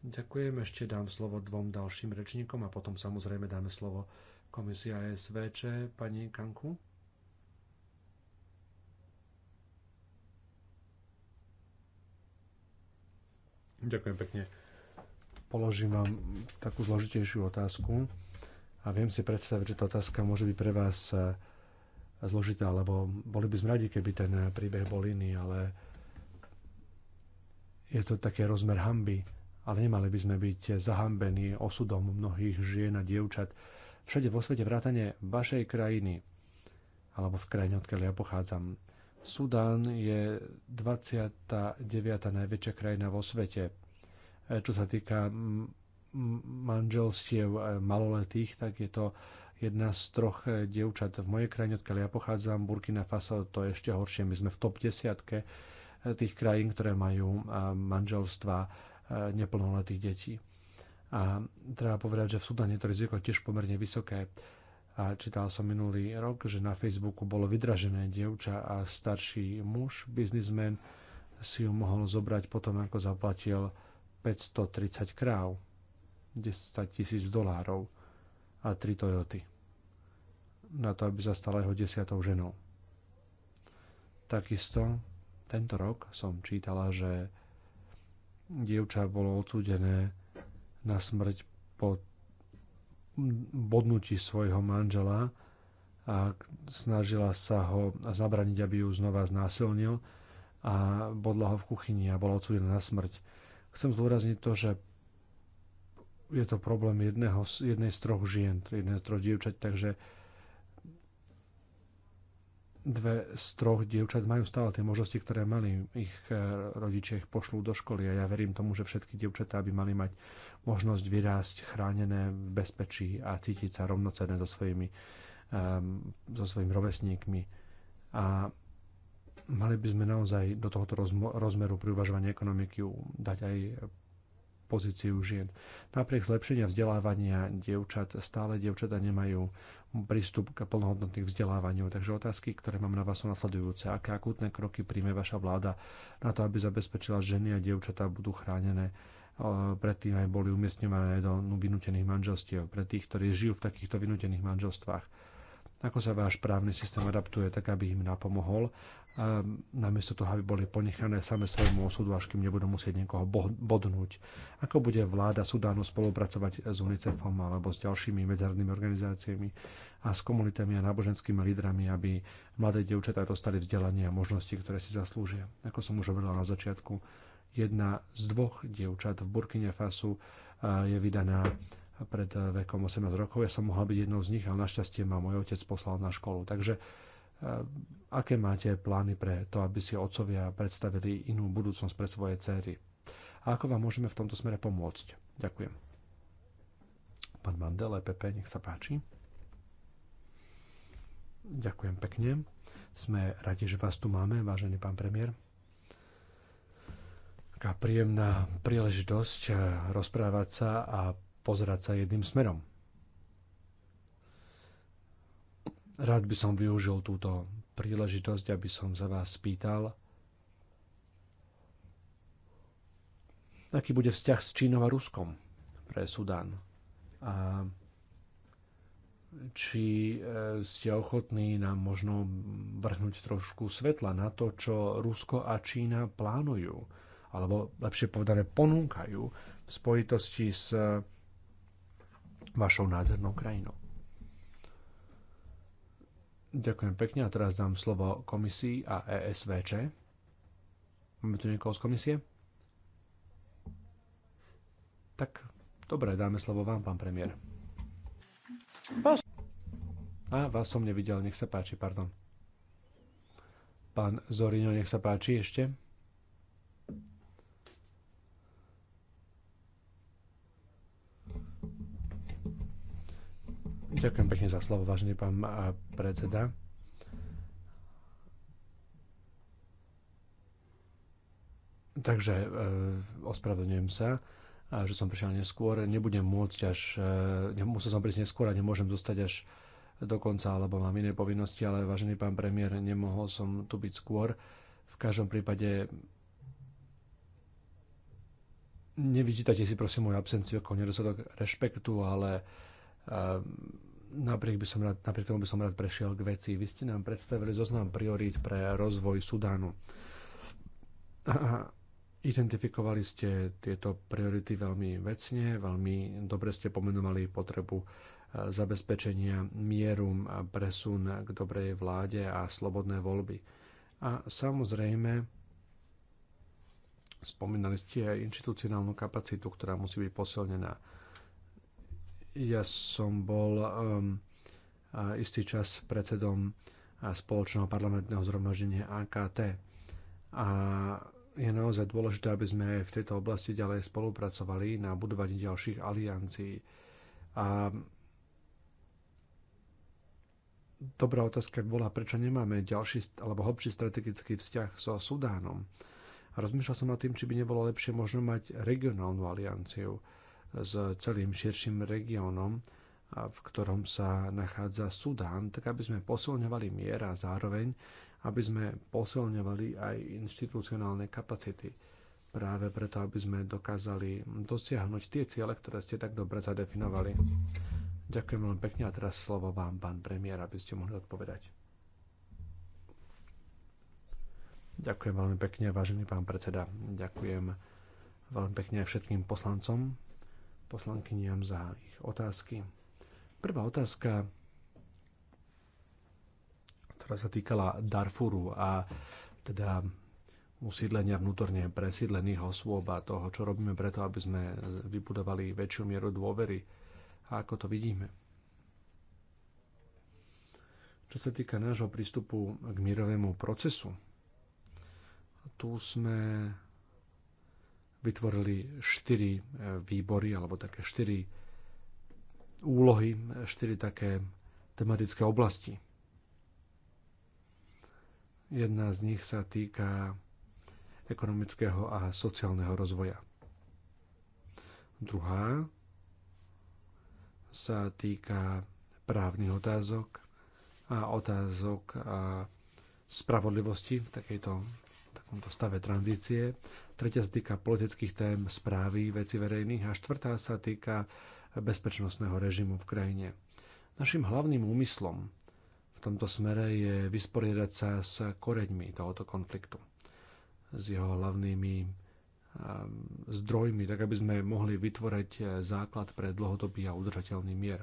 Ďakujem, ešte dám slovo dvom ďalším rečníkom a potom samozrejme dáme slovo komisia SVČ, pani Kanku. Ďakujem pekne. Položím vám takú zložitejšiu otázku a viem si predstaviť, že tá otázka môže byť pre vás eh, zložitá, lebo boli by sme radi, keby ten príbeh bol iný, ale je to také rozmer hamby, ale nemali by sme byť zahambení osudom mnohých žien a dievčat všade vo svete vrátane vašej krajiny, alebo v krajine, odkiaľ ja pochádzam. Sudán je 29. najväčšia krajina vo svete. E, čo sa týka manželstiev e, maloletých, tak je to jedna z troch eh, dievčat v mojej krajine, odkiaľ ja pochádzam, Burkina Faso, to je ešte horšie. My sme v top desiatke eh, tých krajín, ktoré majú eh, manželstva neplnoletých detí. A treba povedať, že v Sudane to riziko tiež pomerne vysoké. A čítal som minulý rok, že na Facebooku bolo vydražené dievča a starší muž, biznismen, si ju mohol zobrať potom, ako zaplatil 530 kráv, 10 tisíc dolárov a 3 Toyoty na to, aby sa stala jeho desiatou ženou. Takisto tento rok som čítala, že dievča bolo odsúdené na smrť po bodnutí svojho manžela a snažila sa ho zabraniť, aby ju znova znásilnil a bodla ho v kuchyni a bola odsúdená na smrť. Chcem zdôrazniť to, že je to problém jedného, jednej z troch žien, jednej z troch dievčat, takže dve z troch dievčat majú stále tie možnosti, ktoré mali ich eh, rodičia ich pošlú do školy a ja verím tomu, že všetky dievčatá by mali mať možnosť vyrásť chránené v bezpečí a cítiť sa rovnocené so svojimi um, so svojimi rovesníkmi a mali by sme naozaj do tohoto rozmeru pri uvažovaní ekonomiky dať aj pozíciu žien. Napriek zlepšenia vzdelávania dievčat, stále dievčata nemajú prístup k plnohodnotným vzdelávaniu. Takže otázky, ktoré mám na vás sú nasledujúce. Aké akútne kroky príjme vaša vláda na to, aby zabezpečila, že ženy a dievčatá budú chránené e, predtým aj boli umiestňované do vynútených manželstiev, pre tých, ktorí žijú v takýchto vynútených manželstvách ako sa váš právny systém adaptuje, tak aby im napomohol, ehm, namiesto toho, aby boli ponechané same svojmu osudu, až kým nebudú musieť niekoho bodnúť. Ako bude vláda Sudánu spolupracovať s UNICEFom alebo s ďalšími medzárodnými organizáciami a s komunitami a náboženskými lídrami, aby mladé dievčatá dostali vzdelanie a možnosti, ktoré si zaslúžia. Ako som už hovorila na začiatku, jedna z dvoch dievčat v Burkine Fasu eh, je vydaná pred eh, vekom 18 rokov. Ja som mohla byť jednou z nich, ale našťastie ma môj otec poslal na školu. Takže eh, aké máte plány pre to, aby si otcovia predstavili inú budúcnosť pre svoje céry? A ako vám môžeme v tomto smere pomôcť? Ďakujem. Pán Mandel, EPP, nech sa páči. Ďakujem pekne. Sme radi, že vás tu máme, vážený pán premiér taká príjemná príležitosť eh, rozprávať sa a pozerať sa jedným smerom. Rád by som využil túto príležitosť, aby som za vás spýtal, aký bude vzťah s Čínom a Ruskom pre Sudán. A či e, ste ochotní nám možno vrhnúť trošku svetla na to, čo Rusko a Čína plánujú, alebo lepšie povedané ponúkajú v spojitosti s vašou nádhernou krajinou. Ďakujem pekne a teraz dám slovo komisii a ESVČ. Máme tu niekoho z komisie? Tak, dobre, dáme slovo vám, pán premiér. A vás som nevidel, nech sa páči, pardon. Pán Zorino, nech sa páči ešte. Ďakujem pekne za slovo, vážený pán predseda. Takže e, ospravedlňujem sa, že som prišiel neskôr. Nebudem môcť až... E, musel som prísť neskôr a nemôžem zostať až do konca, lebo mám iné povinnosti, ale vážený pán premiér, nemohol som tu byť skôr. V každom prípade nevyčítate si prosím moju absenciu ako nedostatok rešpektu, ale e, napriek, by som rád, napriek tomu by som rád prešiel k veci. Vy ste nám predstavili zoznam priorít pre rozvoj Sudánu. A identifikovali ste tieto priority veľmi vecne, veľmi dobre ste pomenovali potrebu e, zabezpečenia mieru, presun k dobrej vláde a slobodné voľby. A samozrejme, spomínali ste aj inštitucionálnu kapacitu, ktorá musí byť posilnená ja som bol um, istý čas predsedom spoločného parlamentného zhromaždenia AKT. A je naozaj dôležité, aby sme aj v tejto oblasti ďalej spolupracovali na budovaní ďalších aliancií. A dobrá otázka bola, prečo nemáme ďalší alebo hlbší strategický vzťah so Sudánom. A rozmýšľal som nad tým, či by nebolo lepšie možno mať regionálnu alianciu s celým širším regiónom, v ktorom sa nachádza Sudán, tak aby sme posilňovali mier a zároveň, aby sme posilňovali aj inštitucionálne kapacity. Práve preto, aby sme dokázali dosiahnuť tie ciele, ktoré ste tak dobre zadefinovali. Ďakujem veľmi pekne a teraz slovo vám, pán premiér, aby ste mohli odpovedať. Ďakujem veľmi pekne, vážený pán predseda. Ďakujem veľmi pekne všetkým poslancom poslankyniam za ich otázky. Prvá otázka, ktorá sa týkala Darfuru a teda usídlenia vnútorne presídlených osôb a toho, čo robíme preto, aby sme vybudovali väčšiu mieru dôvery a ako to vidíme. Čo sa týka nášho prístupu k mierovému procesu, tu sme vytvorili štyri e, výbory, alebo také štyri úlohy, štyri také tematické oblasti. Jedna z nich sa týka ekonomického a sociálneho rozvoja. Druhá sa týka právnych otázok a otázok a spravodlivosti v takejto, v takomto stave tranzície tretia sa týka politických tém správy veci verejných a štvrtá sa týka bezpečnostného režimu v krajine. Našim hlavným úmyslom v tomto smere je vysporiadať sa s koreňmi tohoto konfliktu, s jeho hlavnými um, zdrojmi, tak aby sme mohli vytvoriť eh, základ pre dlhodobý a udržateľný mier.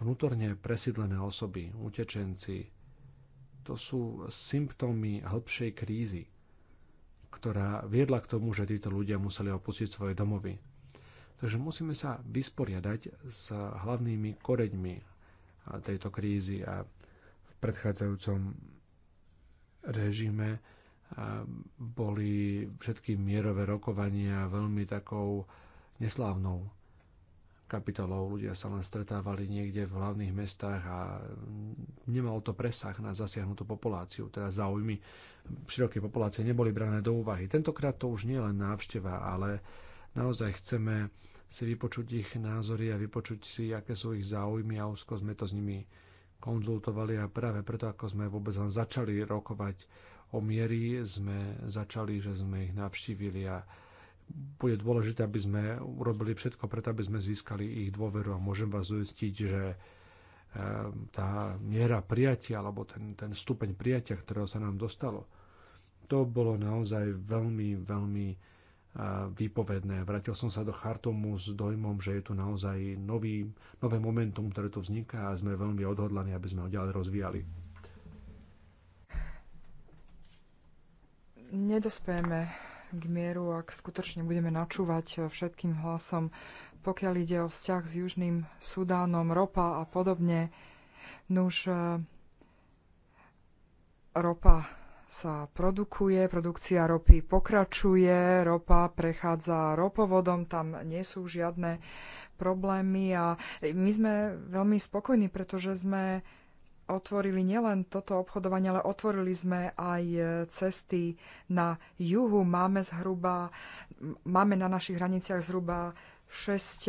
Vnútorne presídlené osoby, utečenci, to sú symptómy hĺbšej krízy, ktorá viedla k tomu, že títo ľudia museli opustiť svoje domovy. Takže musíme sa vysporiadať s hlavnými koreňmi tejto krízy a v predchádzajúcom režime boli všetky mierové rokovania veľmi takou neslávnou kapitolov. Ľudia sa len stretávali niekde v hlavných mestách a nemalo to presah na zasiahnutú populáciu, teda záujmy širokej populácie neboli brané do úvahy. Tentokrát to už nie je len návšteva, ale naozaj chceme si vypočuť ich názory a vypočuť si, aké sú ich záujmy a úzko sme to s nimi konzultovali a práve preto, ako sme vôbec len začali rokovať o miery, sme začali, že sme ich navštívili a bude dôležité, aby sme urobili všetko preto, aby sme získali ich dôveru a môžem vás uistiť, že eh, tá miera prijatia alebo ten, ten stupeň prijatia, ktorého sa nám dostalo, to bolo naozaj veľmi, veľmi eh, výpovedné. Vrátil som sa do Chartumu s dojmom, že je tu naozaj nový, nové momentum, ktoré tu vzniká a sme veľmi odhodlaní, aby sme ho ďalej rozvíjali. Nedospejeme k mieru, ak skutočne budeme načúvať eh, všetkým hlasom. Pokiaľ ide o vzťah s Južným Sudánom, ropa a podobne, nuž eh, ropa sa produkuje, produkcia ropy pokračuje, ropa prechádza ropovodom, tam nie sú žiadne problémy a my sme veľmi spokojní, pretože sme otvorili nielen toto obchodovanie, ale otvorili sme aj e, cesty na juhu. Máme zhruba, máme na našich hraniciach zhruba 6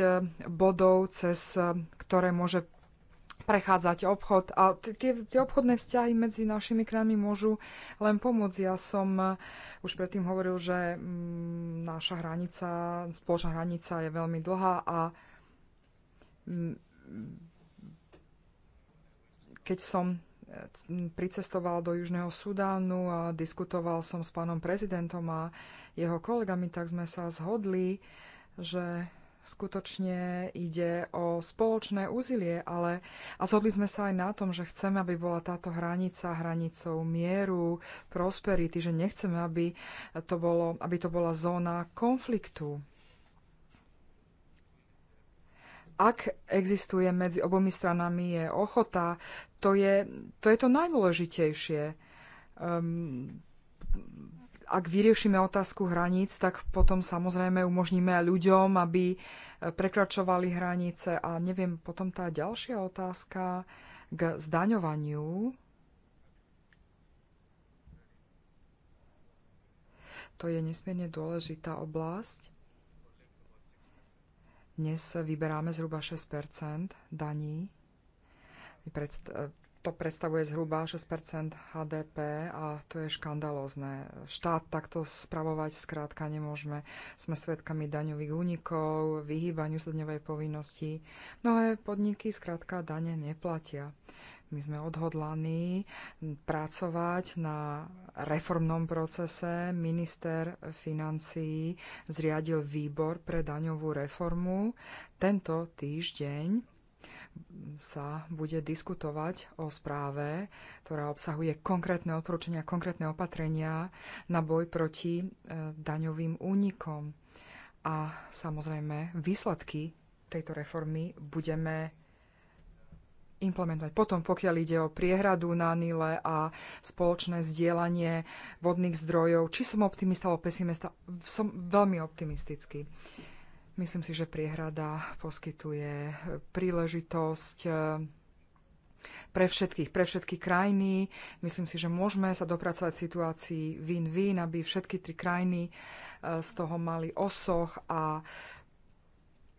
e, bodov, cez e, ktoré môže prechádzať obchod. A tie, tie obchodné vzťahy medzi našimi krajmi môžu len pomôcť. Ja som už predtým hovoril, že mm, naša hranica, spoločná hranica je veľmi dlhá a mm, keď som eh, pricestoval do Južného Sudánu a diskutoval som s pánom prezidentom a jeho kolegami, tak sme sa zhodli, že skutočne ide o spoločné úzilie, ale a zhodli sme sa aj na tom, že chceme, aby bola táto hranica hranicou mieru, prosperity, že nechceme, aby to, bolo, aby to bola zóna konfliktu. ak existuje medzi obomi stranami je ochota, to je to, je to najdôležitejšie. Um, ak vyriešime otázku hraníc, tak potom samozrejme umožníme ľuďom, aby e, prekračovali hranice. A neviem, potom tá ďalšia otázka k zdaňovaniu. To je nesmierne dôležitá oblasť. Dnes vyberáme zhruba 6 daní to predstavuje zhruba 6 HDP a to je škandalózne. Štát takto spravovať zkrátka nemôžeme. Sme svedkami daňových únikov, vyhýbaniu sa dňovej povinnosti. Mnohé podniky skrátka dane neplatia. My sme odhodlaní pracovať na reformnom procese. Minister financií zriadil výbor pre daňovú reformu tento týždeň sa bude diskutovať o správe, ktorá obsahuje konkrétne odporúčania, konkrétne opatrenia na boj proti e, daňovým únikom. A samozrejme, výsledky tejto reformy budeme implementovať. Potom, pokiaľ ide o priehradu na Nile a spoločné zdieľanie vodných zdrojov, či som optimista alebo pesimista, som veľmi optimistický. Uh, Myslím si, že priehrada poskytuje príležitosť eh, pre všetkých, pre všetky krajiny. Myslím si, že môžeme sa dopracovať situácii win-win, aby všetky tri krajiny eh, z toho mali osoch a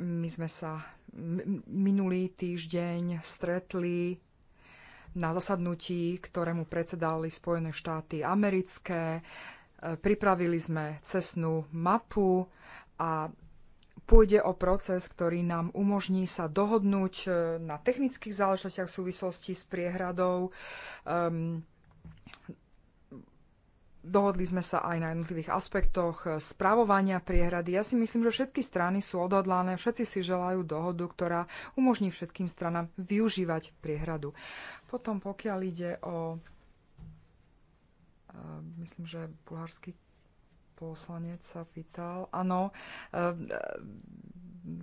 my sme sa minulý týždeň stretli na zasadnutí, ktorému predsedali Spojené štáty americké. Eh, pripravili sme cestnú mapu a Pôjde o proces, ktorý nám umožní sa dohodnúť e, na technických záležitostiach v súvislosti s priehradou. Um, Dohodli sme sa aj na jednotlivých aspektoch e, spravovania priehrady. Ja si myslím, že všetky strany sú odhodlané, všetci si želajú dohodu, ktorá umožní všetkým stranám využívať priehradu. Potom pokiaľ ide o e, myslím, že bulharský poslanec sa pýtal. Áno, e,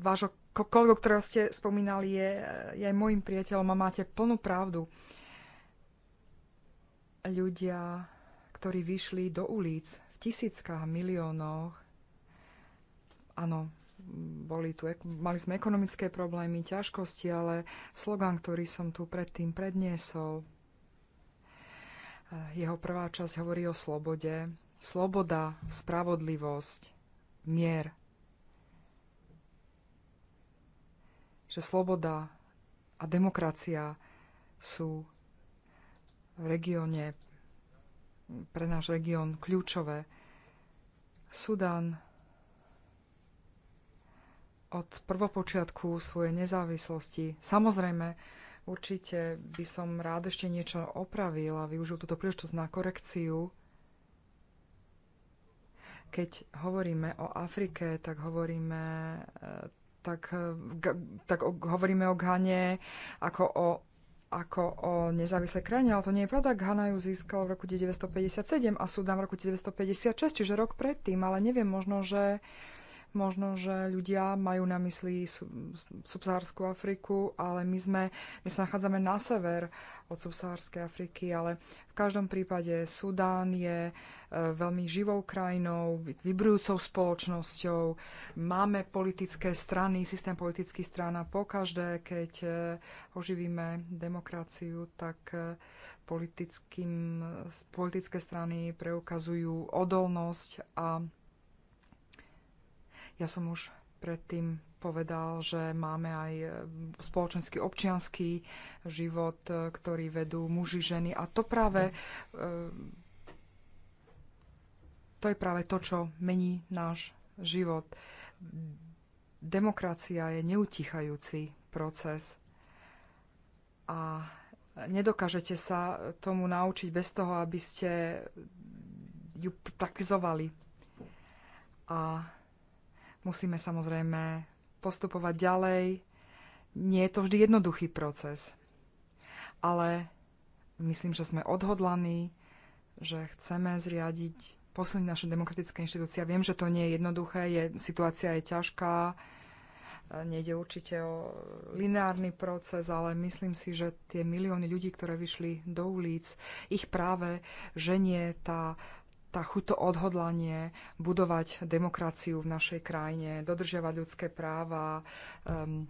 vášho kolegu, ktorého ste spomínali, je, je aj môjim priateľom a máte plnú pravdu. Ľudia, ktorí vyšli do ulic v tisíckach, miliónoch, áno, boli tu, mali sme ekonomické problémy, ťažkosti, ale slogan, ktorý som tu predtým predniesol, e, jeho prvá časť hovorí o slobode, sloboda, spravodlivosť, mier. Že sloboda a demokracia sú v regióne, pre náš región kľúčové. Sudan od prvopočiatku svojej nezávislosti. Samozrejme, určite by som rád ešte niečo opravil a využil túto príležitosť na korekciu keď hovoríme o Afrike, tak hovoríme, eh, tak, eh, tak hovoríme o Ghane ako o ako o nezávislej krajine, ale to nie je pravda. Ghana ju získal v roku 1957 a Sudan v roku 1956, čiže rok predtým, ale neviem, možno, že uh, Možno, že ľudia majú na mysli subsahárskú Afriku, ale my, sme, my sa nachádzame na sever od subsahárskej Afriky, ale v každom prípade Sudán je e, veľmi živou krajinou, vybrujúcou spoločnosťou. Máme politické strany, systém politických strán a pokaždé, keď e, oživíme demokraciu, tak e, politickým, politické strany preukazujú odolnosť a ja som už predtým povedal, že máme aj eh, spoločenský občianský život, eh, ktorý vedú muži, ženy. A to práve mhm. eh, to je práve to, čo mení náš život. Demokracia je neutichajúci proces a nedokážete sa tomu naučiť bez toho, aby ste ju praktizovali. A Musíme samozrejme postupovať ďalej. Nie je to vždy jednoduchý proces, ale myslím, že sme odhodlaní, že chceme zriadiť posilniť naše demokratické inštitúcie. Viem, že to nie je jednoduché, je, situácia je ťažká, nejde určite o lineárny proces, ale myslím si, že tie milióny ľudí, ktoré vyšli do ulic, ich práve ženie tá chuto odhodlanie budovať demokraciu v našej krajine, dodržiavať ľudské práva, um,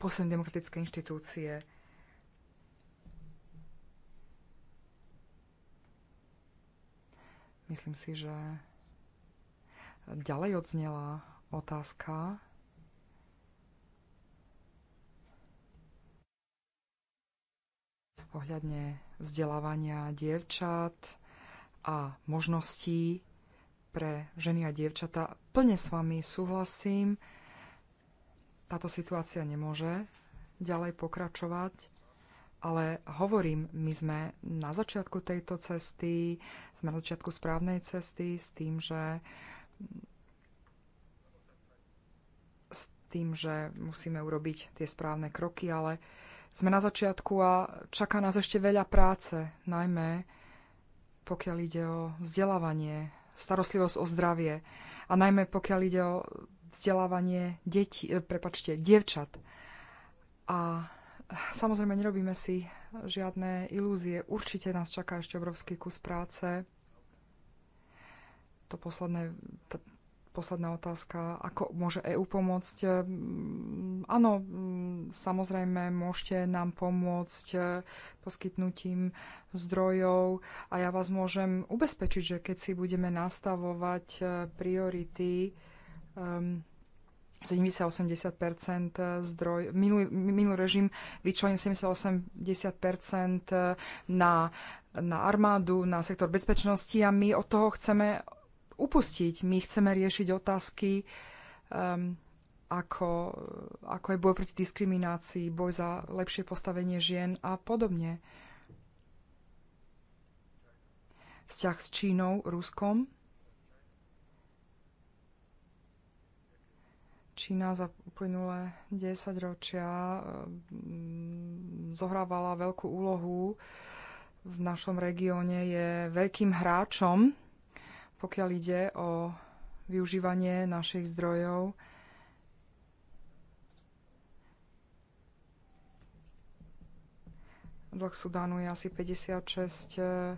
posledné demokratické inštitúcie. Myslím si, že ďalej odznela otázka. ohľadne vzdelávania dievčat a možností pre ženy a dievčatá. Plne s vami súhlasím. Táto situácia nemôže ďalej pokračovať, ale hovorím, my sme na začiatku tejto cesty, sme na začiatku správnej cesty s tým, že s tým, že musíme urobiť tie správne kroky, ale sme na začiatku a čaká nás ešte veľa práce, najmä pokiaľ ide o vzdelávanie, starostlivosť o zdravie a najmä pokiaľ ide o vzdelávanie detí, e, prepačte, dievčat. A samozrejme nerobíme si žiadne ilúzie. Určite nás čaká ešte obrovský kus práce. To posledné, posledná otázka, ako môže EU pomôcť? Hm, áno, hm, samozrejme, môžete nám pomôcť e, poskytnutím zdrojov a ja vás môžem ubezpečiť, že keď si budeme nastavovať e, priority, 70-80 hm, e, zdroj, minulý, minulý režim vyčlenil 70-80 na, na armádu, na sektor bezpečnosti a my od toho chceme upustiť. My chceme riešiť otázky um, ako, ako je boj proti diskriminácii, boj za lepšie postavenie žien a podobne. Vzťah s Čínou, Ruskom. Čína za uplynulé 10 ročia um, zohrávala veľkú úlohu v našom regióne, je veľkým hráčom pokiaľ ide o využívanie našich zdrojov. Dlh Sudánu je asi 56 eh,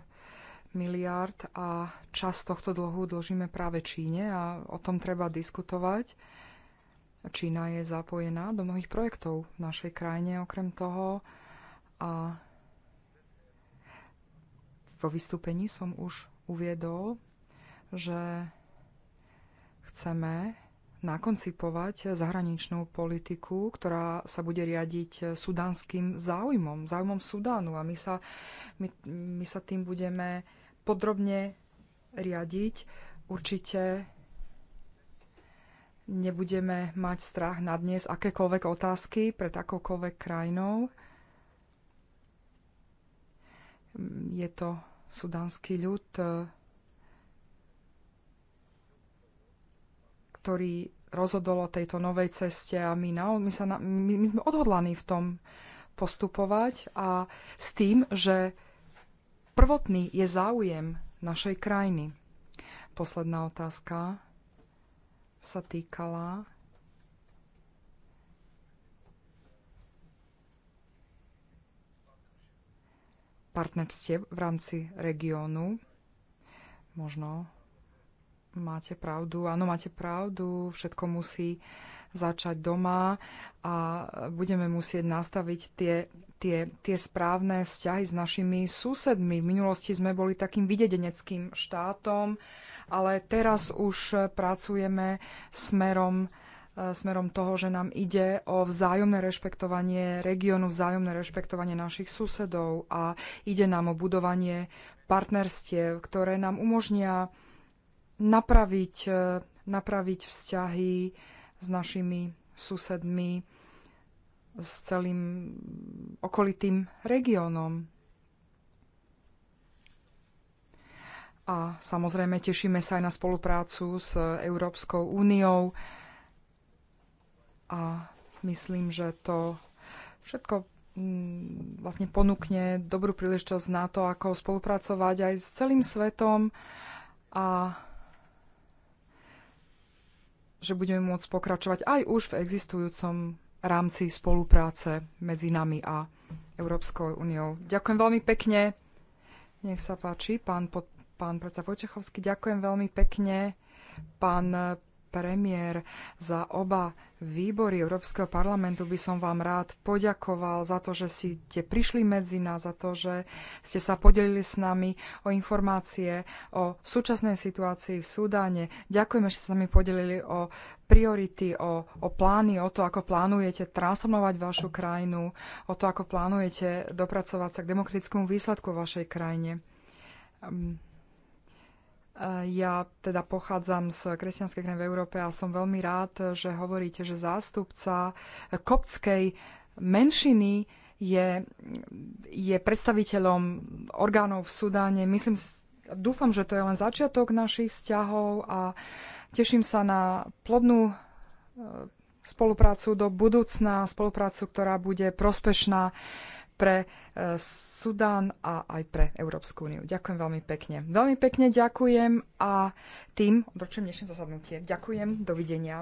miliard a čas tohto dlhu dlžíme práve Číne a o tom treba diskutovať. Čína je zapojená do mnohých projektov v našej krajine okrem toho a vo vystúpení som už uviedol, že chceme nakoncipovať zahraničnú politiku, ktorá sa bude riadiť sudánskym záujmom, záujmom Sudánu. A my sa, my, my sa tým budeme podrobne riadiť. Určite nebudeme mať strach na dnes akékoľvek otázky pred akoukoľvek krajinou. Je to sudánsky ľud, ktorý rozhodol o tejto novej ceste a my, na, my, sa na, my, my sme odhodlaní v tom postupovať a s tým, že prvotný je záujem našej krajiny. Posledná otázka sa týkala partnerstiev v rámci regiónu. Možno Máte pravdu, áno, máte pravdu, všetko musí začať doma a budeme musieť nastaviť tie, tie, tie správne vzťahy s našimi susedmi. V minulosti sme boli takým videdeneckým štátom, ale teraz už pracujeme smerom e, smerom toho, že nám ide o vzájomné rešpektovanie regiónu, vzájomné rešpektovanie našich susedov a ide nám o budovanie partnerstiev, ktoré nám umožnia napraviť, e, napraviť vzťahy s našimi susedmi, s celým okolitým regiónom. A samozrejme tešíme sa aj na spoluprácu s Európskou úniou a myslím, že to všetko mm, vlastne ponúkne dobrú príležitosť na to, ako spolupracovať aj s celým svetom a že budeme môcť pokračovať aj už v existujúcom rámci spolupráce medzi nami a Európskou úniou. Ďakujem veľmi pekne. Nech sa páči, pán, pod, pán predsa Vojtechovský, ďakujem veľmi pekne. Pán premiér, za oba výbory Európskeho parlamentu by som vám rád poďakoval za to, že ste prišli medzi nás, za to, že ste sa podelili s nami o informácie o súčasnej situácii v Súdáne. Ďakujeme, že ste sa mi podelili o priority, o, o plány, o to, ako plánujete transformovať vašu krajinu, o to, ako plánujete dopracovať sa k demokratickému výsledku v vašej krajine. Um, ja teda pochádzam z kresťanskej krajiny v Európe a som veľmi rád, že hovoríte, že zástupca koptskej menšiny je, je predstaviteľom orgánov v Sudáne. Myslím, dúfam, že to je len začiatok našich vzťahov a teším sa na plodnú e, spoluprácu do budúcna, spoluprácu, ktorá bude prospešná pre e, Sudán a aj pre Európsku úniu. Ďakujem veľmi pekne. Veľmi pekne ďakujem a tým odročujem dnešné zasadnutie. Ďakujem, dovidenia.